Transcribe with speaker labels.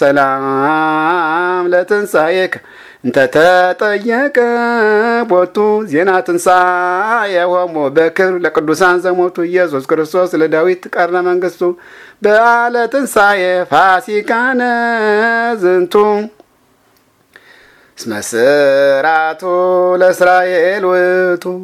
Speaker 1: ሰላም ለትንሣኤከ እንተተጠየቀ ቦቱ ዜና ትንሣኤ ሆሞ በክብር ለቅዱሳን ዘሞቱ ኢየሱስ ክርስቶስ ለዳዊት ቀርነ መንግሥቱ በዓለ ትንሣኤ ፋሲካነ ዝንቱ እስመ ስራቱ
Speaker 2: ለእስራኤል ውቱ